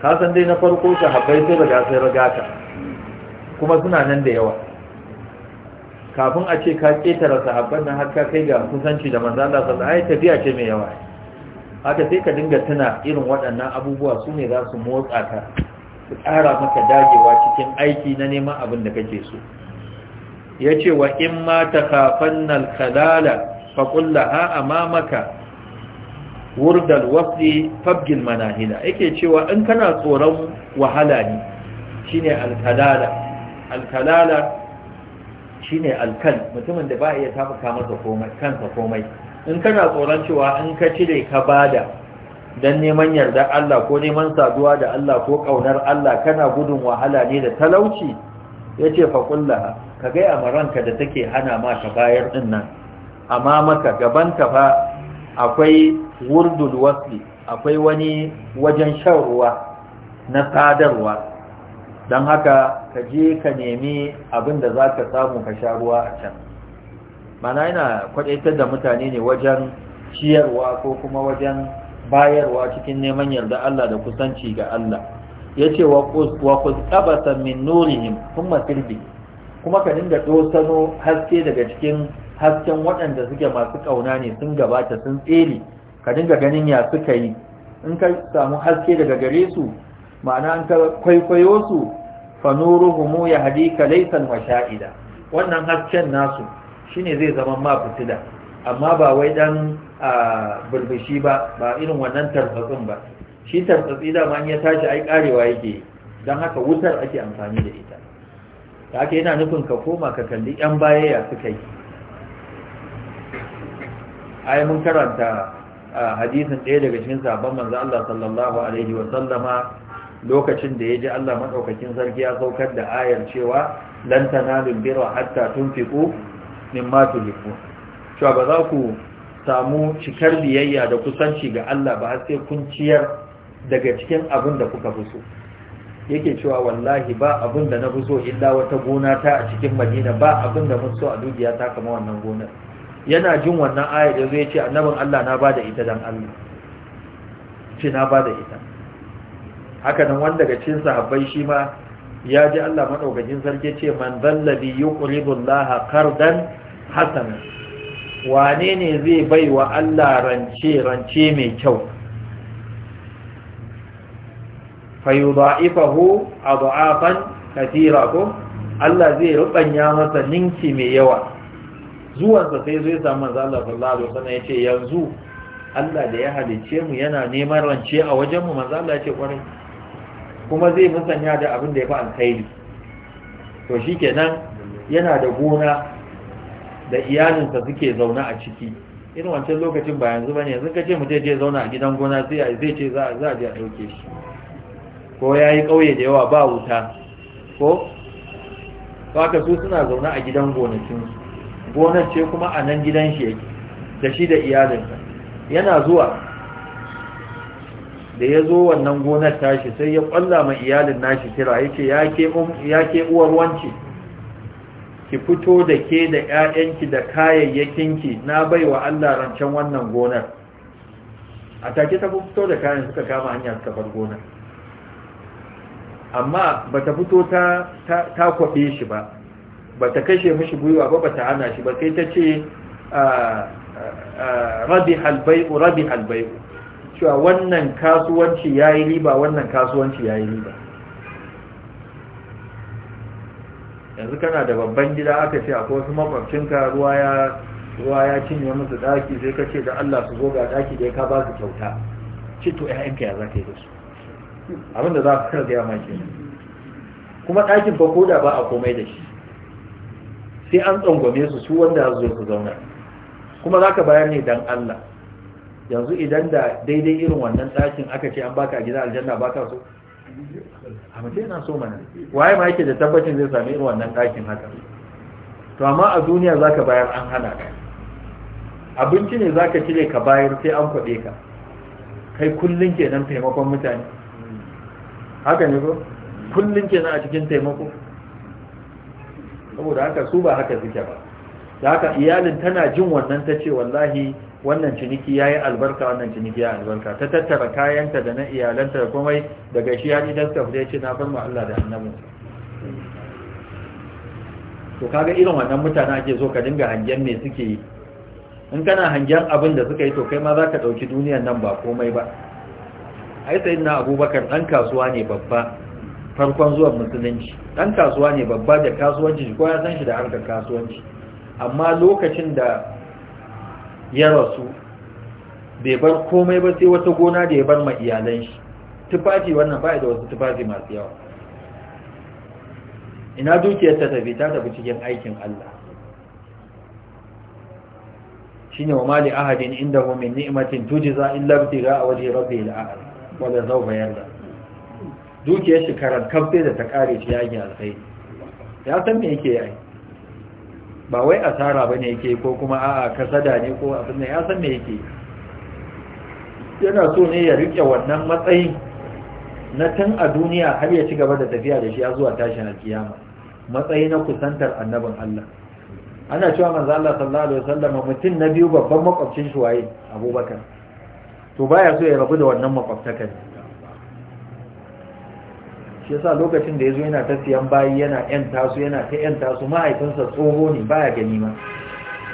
Kasan dai na farko sahabbai sai riga sai riga ka kuma suna nan da yawa kafin a ce ka ƙetare sahabban nan har ka kai ga kusanci da manzo da sallallahu tafiya ce mai yawa haka sai ka dinga tuna irin waɗannan abubuwa su ne za su motsa ka su ƙara maka dagewa cikin aiki na neman abin da kake so Ya ce wa in ma kafan nan khalala fa ma amamaka wurdal wasli fabgil manahila yake cewa in kana tsoron wahala ne shine alkalala alkalala shine alkal mutumin da ba iya tafaka masa kansa komai in kana tsoron cewa in ka cire ka bada dan neman yarda Allah ko neman saduwa da Allah ko ƙaunar Allah kana gudun wahala ne da talauci yace fa kullaha ka ga ranka da take hana maka ka bayar dinnan. amma maka gaban ka fa akwai wurdul wasli akwai wani wajen shan na sadarwa don haka ka je ka nemi abin da za ka samu ka sha ruwa a can mana yana kwadaitar da mutane ne wajen ciyarwa ko kuma wajen bayarwa cikin neman yarda Allah da kusanci ga Allah ya ce wa kusabata min nurihim kuma sirbi kuma ka dinga dosano haske daga cikin hasken waɗanda suke masu ƙauna ne sun gabata sun tsere ka dinga ganin ya suka yi in ka samu haske daga gare su ma'ana an ka kwaikwayo su fanuruhumu ya hadika laisan masha'ida wannan hasken nasu shine zai zama ma fitila amma ba wai dan a burbushi ba ba irin wannan tarfatsin ba shi tarfatsi dama an ya tashi ai karewa yake dan haka wutar ake amfani da ita ta haka yana nufin ka koma ka kalli yan ya suka yi ai mun karanta hadisin ɗaya daga cikin sabon manzo Allah sallallahu alaihi wa sallama lokacin da yaji Allah madaukakin sarki ya saukar da ayar cewa lan tanalu birra hatta tunfiqu mimma tuhibbu cewa ba za ku samu cikar biyayya da kusanci ga Allah ba har sai kun ciyar daga cikin abin da kuka fi so yake cewa wallahi ba abin da na fi so illa wata gona ta a cikin Madina ba abin da mun so a dukiya ta kama wannan gonar yana jin wannan ayar da zai ce annabin Allah na bada ita dan Allah ce na da ita haka nan wanda daga cikin sahabbai shi ma ya ji Allah madaukakin sarki ce man zallabi yuqridu Allah qardan hasana wane ne zai baiwa Allah rance rance mai kyau a adha'afan kathira ko Allah zai rubanya masa ninki mai yawa zuwansa sai zai samu manzo Allah sallallahu alaihi wasallam yace yanzu Allah da ya halice mu yana neman rance a wajen mu manzo Allah kwarai kuma zai musanya da abin da ya fi alkhairi to shikenan yana da gona da iyalinsa suke zaune a ciki irin wancan lokacin ba yanzu bane yanzu kace mu je zauna a gidan gona zai ce za a za je a dauke shi ko yayi kauye da yawa ba wuta ko su suna zaune a gidan gonakinsu. gonar ce kuma a nan gidan shi yake da shi da iyalinsa yana zuwa da ya zo wannan gonar tashi sai ya kwalla ma iyalin nashi kira ya ce um, ya ke uwar wance ki fito da ke da 'ya'yanki da kayayyakinki na bai wa Allah rancen wannan gonar a take ta fito da kayan suka kama hanya suka far gonar amma ba ta fito ta kwaɓe shi ba ba ta kashe mishi gwiwa ba ba ta hana shi ba sai ta ce ah, ah, ah, rabi halbai'u rabi halbai'u cewa wannan kasuwanci ya yi riba wannan kasuwanci ya yi riba yanzu kana da babban gida aka ce akwai wasu makwabcinka ruwa ya cinye musu daki sai ka ce da Allah su zo ga daki da ka ba su kyauta ce to 'ya'yanka ya za ka yi da su abinda za ka karga ya maki kuma ɗakin ba koda ba a komai da shi sai an tsangwame su su wanda zo su zauna kuma za ka bayar ne don Allah yanzu idan da daidai irin wannan ɗakin aka ce an baka a gida aljanna ka so a mace yana so mana waye ma yake da tabbacin zai sami irin wannan ɗakin haka to amma a duniya za ka bayar an hana ka abinci ne za ka cire ka bayar sai an kwaɗe ka kai kullum kenan taimakon mutane haka ne ko kullum kenan a cikin taimako saboda haka su ba haka suke ba da haka iyalin tana jin wannan ta ce wallahi wannan ciniki ya yi albarka wannan ciniki ya albarka ta tattara kayanta da na iyalanta da komai daga shi ya ji daska fita ya ce na bar Allah da annabi to kaga irin wannan mutane ake so ka dinga hangen me suke yi in kana hangen abin da suka yi to kai ma za ka ɗauki duniyan nan ba komai ba ai sai na abubakar ɗan kasuwa ne babba farkon zuwan musulunci ɗan kasuwa ne babba da kasuwanci ko ya san shi da harkar kasuwanci amma lokacin da ya rasu bai bar komai ba sai wata gona da ya bar ma iyalan shi tufafi wannan ba da wasu tufafi masu yawa ina dukiyar ta tafi ta tafi cikin aikin Allah shine wa mali ahadin inda mu min ni'imatin tujiza illa ibtigha wajhi rabbil a'la wa la yarda dukiyar shi karan kafte da ta kare shi yaki alkhairi ya san me yake yi ba wai asara ne yake ko kuma a'a kasada ne ko abin da ya san me yake yana so ne ya rike wannan matsayin na tun a duniya har ya ci gaba da tafiya da shi ya zuwa tashin alkiyama matsayi na kusantar annabin Allah ana cewa manzo Allah sallallahu alaihi wasallam mutum na biyu babban makwabcin shi waye Abubakar to baya so ya rabu da wannan makwabtakan shi yasa lokacin da ya zo yana ta siyan bayi yana yan tasu yana ta yan tasu mahaifinsa tsoho ne baya gani ma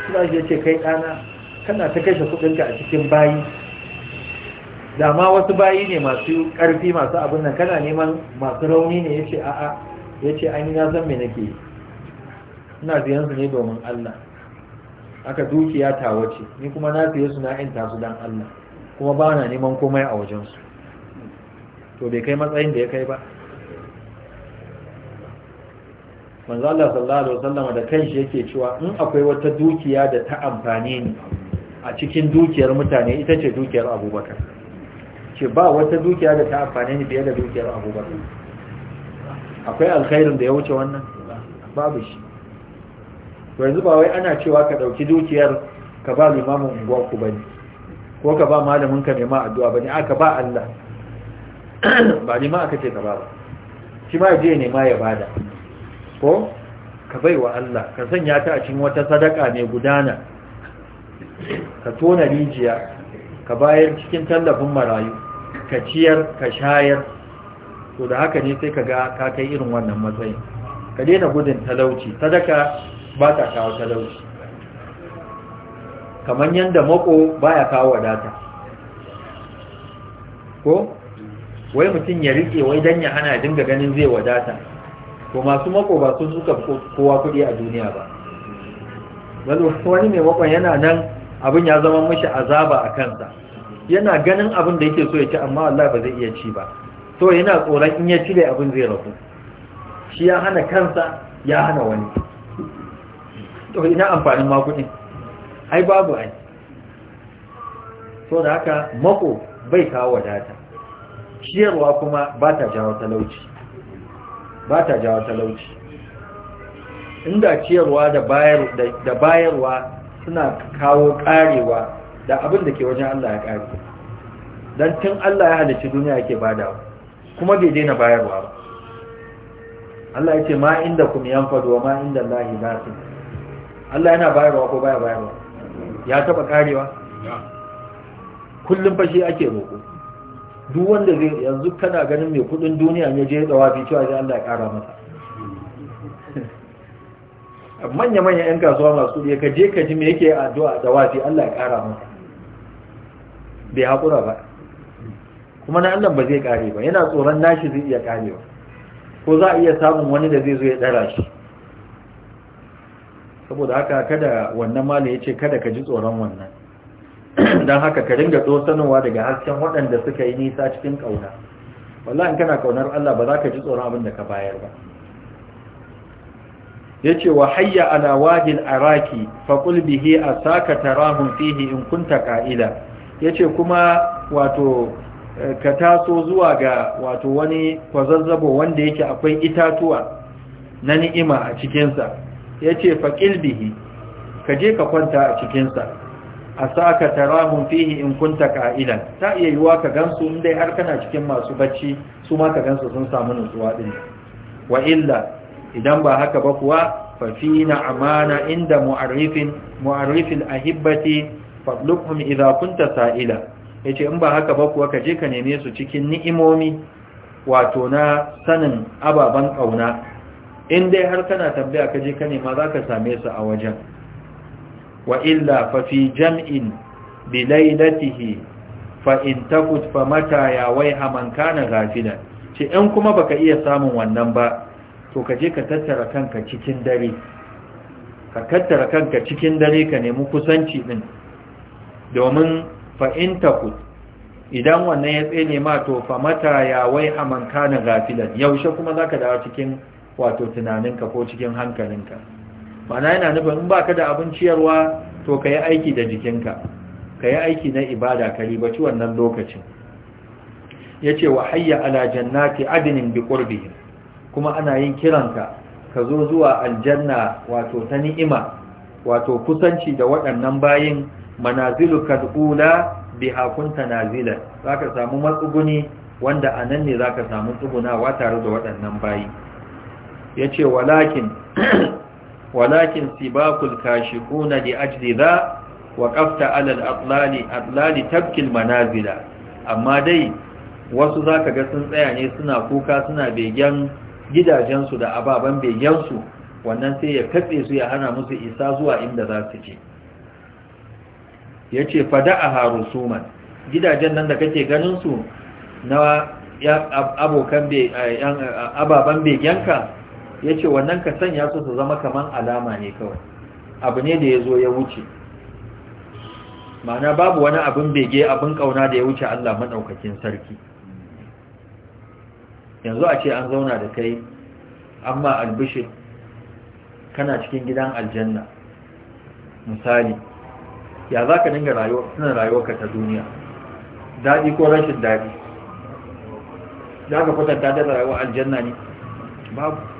suna shi ya ce kai ɗana kana ta kashe kuɗinka a cikin bayi dama wasu bayi ne masu ƙarfi masu abin nan kana neman masu rauni ne ya ce a'a ya ce an yi na san me nake ina siyan su ne domin Allah aka dukiya ta wace ni kuma na siye su na yan tasu don Allah kuma ba na neman komai a wajensu to bai kai matsayin da ya kai ba manzo Allah sallallahu alaihi wasallam da kanshi yake cewa in akwai wata dukiya da ta amfane ni a cikin dukiyar mutane ita ce dukiyar Abubakar ce ba wata dukiya da ta amfane ni fiye da dukiyar Abubakar akwai alkhairin da ya wuce wannan babu shi yanzu ba wai ana cewa ka dauki dukiyar ka ba limamin unguwar ku bane ko ka ba malamin ka nema addu'a bane aka ba Allah <clears throat> ba limama aka ce ka ba ba shi ma je nema ya bada ko ka bai wa Allah ka sanya ta a cikin wata sadaka mai gudana ka tona rijiya ka bayar cikin tallafin marayu ka ciyar ka shayar to da haka ne sai ka ga ka kai irin wannan matsayin ka daina gudun talauci sadaka ba ta kawo talauci kamar yadda mako baya kawo wadata ko wai mutum ya riƙe, wai don ya hana dinga ganin zai wadata to masu mako ba sun suka kowa kuɗi a duniya ba wani mai makon yana nan abin ya zama mashi azaba a kansa yana ganin abin da yake so ya ci amma Allah ba zai iya ci ba to yana tsoron in ya ci da abin zai rabu shi ya hana kansa ya hana wani to ina amfanin makudin ai babu ai to da haka mako bai kawo wadata ciyarwa kuma ba ta jawo talauci ba ta jawo talauci inda ciyarwa da bayarwa suna kawo karewa da abin da ke wajen Allah ya kare don tun Allah ya halicci duniya yake bada kuma bai daina bayarwa ba Allah ya ce ma inda kuma yanfado ma inda Allah ya Allah yana bayarwa ko baya bayarwa ya taba karewa kullum fashi ake roƙo duk wanda zai yanzu kana ganin mai kudin duniya ya je da fi cewa Allah ya kara masa manya manya yan kasuwa masu kudi ka je ka ji me yake addu'a da wafi Allah ya kara masa bai hakura ba kuma na Allah ba zai kare ba yana tsoron nashi zai iya ba ko za a iya samun wani da zai zo ya dara shi saboda haka kada wannan malam ya ce kada ka ji tsoron wannan <coughs> don haka ka ringa tsosanowa daga hasken waɗanda suka yi nisa cikin ƙauna wallahi kana ƙaunar Allah ba za ka ji tsoron abin da ka bayar ba ya ce wa hayya ala araki faƙul bihi a saka tarahun fihi in kunta ƙa'ida. ya ce kuma wato eh, ka taso zuwa ga wato wani kwazazzabo wanda yake akwai itatuwa na ni'ima a cikinsa ya ce faƙil bihi ka ka kwanta a cikinsa asaka tarahum fihi in kunta qa'ilan ta iya yiwa ka gansu in dai har kana cikin masu bacci su ma ka gansu sun samu nutsuwa din wa illa idan ba haka ba kuwa fa fina amana inda mu'arrifin mu'arrifil ahibbati fadluhum idha kunta sa'ila yace in ba haka ba kuwa ka je ka neme su cikin ni'imomi wato na sanin ababan kauna in dai har kana tambaya ka je ka nema zaka same su a wajen وإلا ففي jam'in بليلته فإن تفت فمتى يا ويح من كان غافلا ce in kuma baka iya samun wannan ba to ka je ka tattara kanka cikin dare ka tattara kanka cikin dare ka nemi kusanci din domin fa'in takut idan wannan ya tsene ma to fa mata ya wai haman kana gafilan yaushe kuma zaka dawo cikin wato tunaninka ko cikin hankalinka mana yana nufin in baka da abin ciyarwa to ka yi aiki da jikinka ka yi aiki na ibada ka ribaci wannan lokacin ya ce wa hayya ala jannati adinin bi qurbihim kuma ana yin kiranka ka zo zuwa aljanna wato ta ni'ima wato kusanci da waɗannan bayin Manazilu al-ula biha kunta nazila zaka samu matsuguni wanda a nan ne zaka samu tsugunawa tare da waɗannan bayi yace walakin <clears throat> walakin sibakul الكاشفون لأجل ذا za wa الأطلال أطلال تبكي المنازل أما دي wasu amma dai wasu zaka ga sun tsaya ne suna kuka suna begen gidajensu da ababen begensu wannan sai ya katse su ya hana musu isa zuwa inda za su je ya ce fada a man. gidajen nan da kake ganinsu na eh, ababen begenka ya ce wannan ka sanya su su zama kamar alama ne kawai abu ne da ya zo ya wuce ma'ana babu wani abin bege abin ƙauna da ya wuce Allah maɗaukakin sarki yanzu a ce an zauna da kai amma albishir kana cikin gidan aljanna misali ya za ka dinga rayuwa rayuwarka ta duniya daɗi ko rashin daɗi za ka kwatanta da rayuwar aljanna ne babu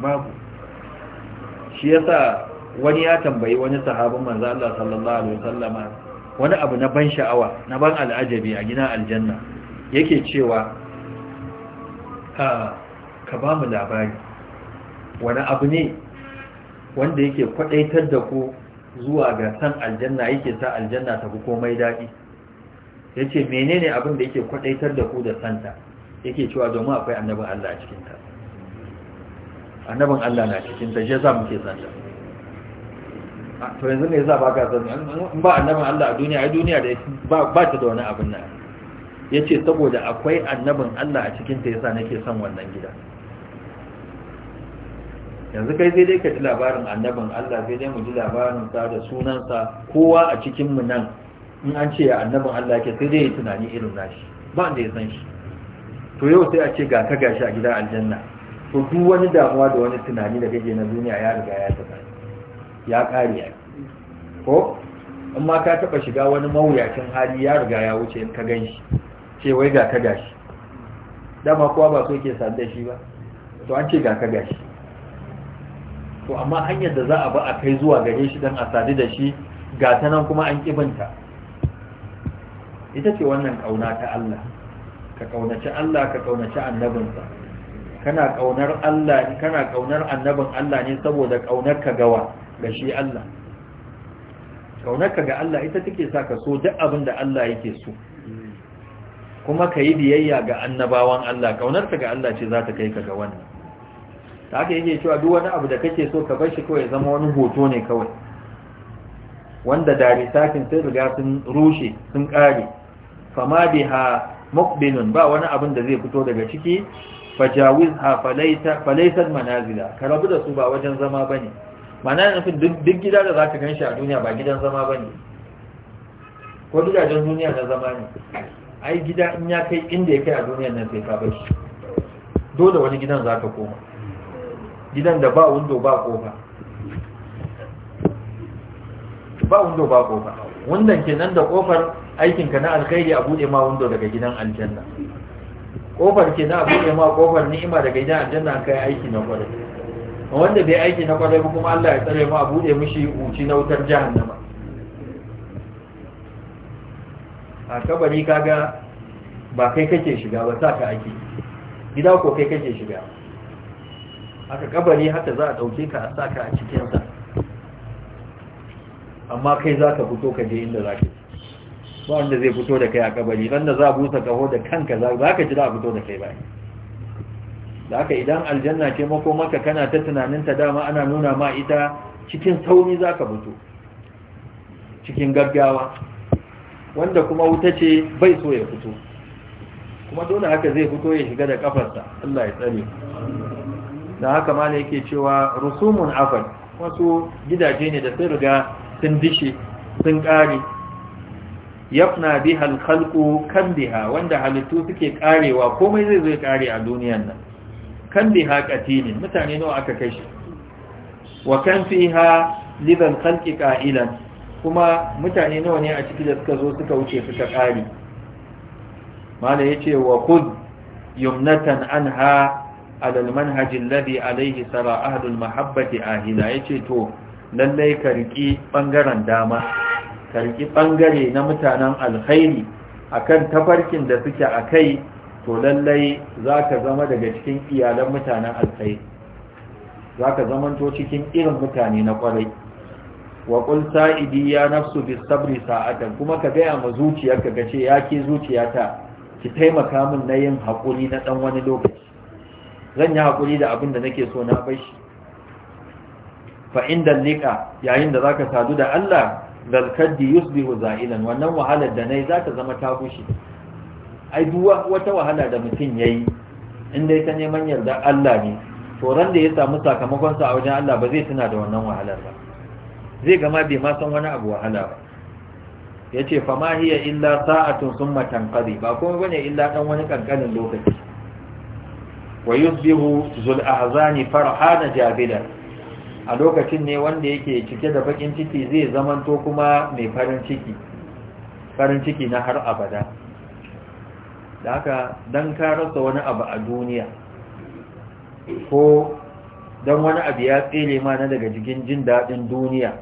babu shi yasa wani ya tambayi wani sahabin manzo Allah sallallahu alaihi wasallama wani abu na ban sha'awa na ban al'ajabi a gina aljanna yake cewa ka ba mu labari wani abu ne wanda yake kwadaitar da ku zuwa ga san aljanna yake sa aljanna ta fi komai daɗi yace menene abin da yake kwadaitar da ku da santa yake cewa domin akwai annabin Allah a cikin ta annabin Allah na cikin ta shi za mu ke zanta to yanzu ne za ba ka zanta in ba annabin Allah a duniya a duniya da ba ta da wani abin nan ya ce saboda akwai annabin Allah a cikin ta yasa nake son wannan gida yanzu kai sai dai ka ji labarin annabin Allah sai dai mu ji labarin sa da sunansa kowa a cikin mu nan in an ce annabin Allah ke sai dai ya tunani irin nashi ba da ya san shi to yau sai a ce ga ka gashi a gida aljanna to duk wani damuwa da wani tunani da kake na duniya ya riga ya taɓa ya ƙare ya ko amma ka taba shiga wani mawuyacin hali ya riga ya wuce in ka ganshi. shi ce wai ga ka gashi dama kowa ba so yake sanda shi ba to an ce ga ka gashi to amma hanyar da za a ba a kai zuwa gare shi dan a sadu da shi ga ta nan kuma an kibinta ita ce wannan ƙauna ta Allah ka kaunaci Allah ka ƙaunaci annabinsa kana kaunar Allah ne kana kaunar annabin Allah ne saboda kaunar ka gawa ga shi Allah kaunar ka ga Allah ita take sa ka so duk abin da Allah yake so kuma ka yi biyayya ga annabawan Allah kaunar ka ga Allah ce za ta kai ka ga wannan ta haka yake cewa duk wani abu da kake so ka bar shi kawai zama wani hoto ne kawai wanda dare sakin sai riga sun rushe sun kare fama biha muqbilun ba wani abin da zai fito daga ciki fajawizha falaysa falaysa manazila ka rabu da su ba wajen zama bane ma'ana nufin duk gida da zaka ganshi a duniya ba gidan zama bane ko gidajen duniya na zama ne ai gida in ya kai inda ya kai a duniyar nan sai ka bar shi dole wani gidan zaka koma gidan da ba wundo ba kofa ba wundo ba kofa wannan kenan da kofar aikinka na alkhairi a bude ma wundo daga gidan aljanna kofar ke na abu ma kofar ni'ima daga gidan aljanna kai aiki na kwarai wanda bai aiki na kwarai ba kuma Allah ya tsare ma abu buɗe mishi huci na wutar jahannama a kabari kaga ba kai kake shiga ba sa ka aiki gida ko kai kake shiga aka kabari haka za a ɗauke ka a sa ka a cikin sa amma kai za ka fito ka je inda za ka ba wanda zai fito da kai a kabari wanda za a busa kaho da kanka za ka ji da a fito da kai bai da haka idan aljanna ce mako maka kana ta tunaninta dama ana nuna ma ita cikin sauri za ka fito cikin gaggawa wanda kuma wuta ce bai so ya fito kuma dole haka zai fito ya shiga da kafarsa Allah ya tsare da haka mala yake cewa rusumun afal wasu gidaje ne da sun riga sun dishe sun ƙare yafna biha alkhalqu kandiha wanda halittu suke karewa komai zai zai kare a duniyar nan kandiha qatilin mutane nawa aka kai shi wa kan fiha liban khalqi qa'ilan kuma mutane nawa ne a ciki da suka zo suka wuce suka kare mala yace wa khud yumnatan anha ala almanhaj alladhi alayhi sara ahlul mahabbati ahila yace to lallai ka riki bangaren dama karki bangare na mutanen alkhairi akan tafarkin da suke a kai to lallai za ka zama daga cikin iyalan mutanen alkhairi za ka zamanto cikin irin mutane na kwarai wa qul sa'idi ya nafsu bis sabri sa'atan kuma ka gaya ma zuciyar ka gace ya ke zuciyata ki taimaka min na yin hakuri na ɗan wani lokaci zan yi haƙuri da abin da nake so na bai shi fa inda liƙa yayin da zaka sadu da Allah kaddi yusbihu za'ilan wannan wahalar da nayi za zama ta gushi. ai duwa wata wahala da mutum yayi in dai ta neman yarda Allah ne to ran da ya samu sakamakon sa a wajen Allah ba zai tuna da wannan wahalar ba zai gama bai ma san wani abu wahala ba yace fa ma hiya illa sa'atun summa tanqadi ba kuma bane illa dan wani kankanin lokaci wa yusbihu zul ahzani farhana jabilan a lokacin ne wanda yake cike da bakin ciki zai zamanto kuma mai farin ciki farin ciki na har abada da haka don ka rasa wani abu a duniya ko don wani abu ya tsere mana daga jikin jin daɗin duniya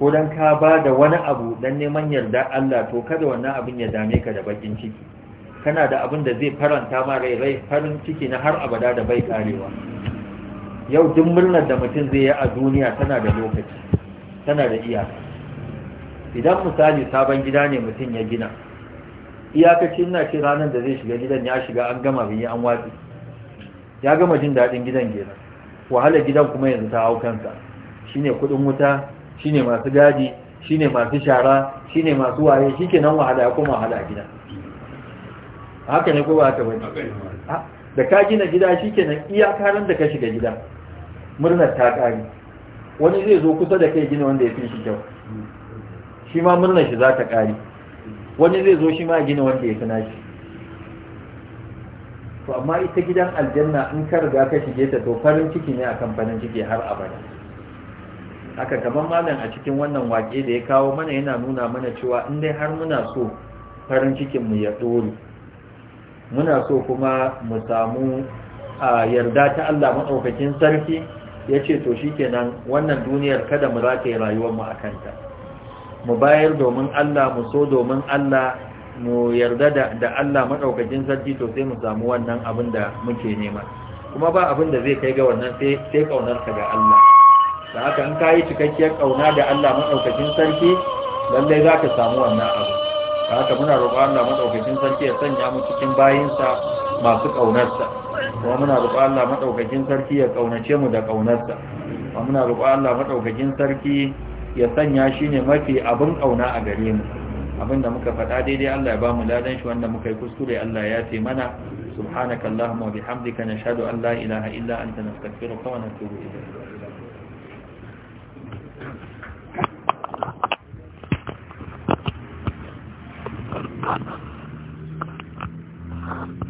ko don ka ba da wani abu don neman yarda Allah to kada wannan abin ya dame ka da bakin ciki kana da abin da zai faranta ma rai rai farin ciki na har abada da bai karewa yau duk murnar da mutum zai yi a duniya tana da lokaci tana da iyaka idan misali sabon gida ne mutum ya gina iyakaci ina ce ranar da zai shiga gidan ya shiga an gama yi an watsi ya gama jin daɗin gidan gina wahalar gidan kuma yanzu ta hau kansa shine kuɗin wuta shine masu gadi shine masu shara shine masu waye shikenan wahala ya koma wahala a gida. haka ne ko ba haka bane da ka gina gida shi kenan iya nan da ka shiga gida murnar ta ƙari wani zai zo kusa da kai gina wanda ya fi shi kyau shi ma murnar shi za ta ƙari wani zai zo shi ma gina wanda ya fi nashi to amma ita gidan aljanna in ka riga ka shige ta to farin ciki ne akan farin ciki har abada haka kamar malam a cikin wannan wake da ya kawo mana yana nuna mana cewa in dai har muna so farin cikin mu ya dore muna so kuma mu samu a yarda ta Allah maɗaukakin sarki ya ce to shi kenan wannan duniyar kada mu rataye rayuwarmu a kanta mu bayar domin Allah mu so domin Allah mu yarda da Allah maɗaukakin sarki to sai mu samu wannan abin da muke nema kuma ba abin da zai kai ga wannan sai ƙaunarka ga Allah da haka in ka yi cikakkiyar ƙauna da Allah maɗaukakin sarki lallai za ka samu wannan abin. haka muna roƙon Allah madaukakin sarki ya sanya mu cikin bayinsa masu ƙaunarsa kuma muna roƙon Allah madaukakin sarki ya ƙaunace mu da ƙaunarsa kuma muna roƙon Allah madaukakin sarki ya sanya shi ne mafi abin ƙauna a gare mu abin da muka faɗa daidai Allah ya ba mu ladan shi wanda muka yi kuskure Allah ya ce mana subhanakallahumma wa bihamdika nashhadu an la ilaha illa anta nastaghfiruka wa natubu ilayk धन्यवाद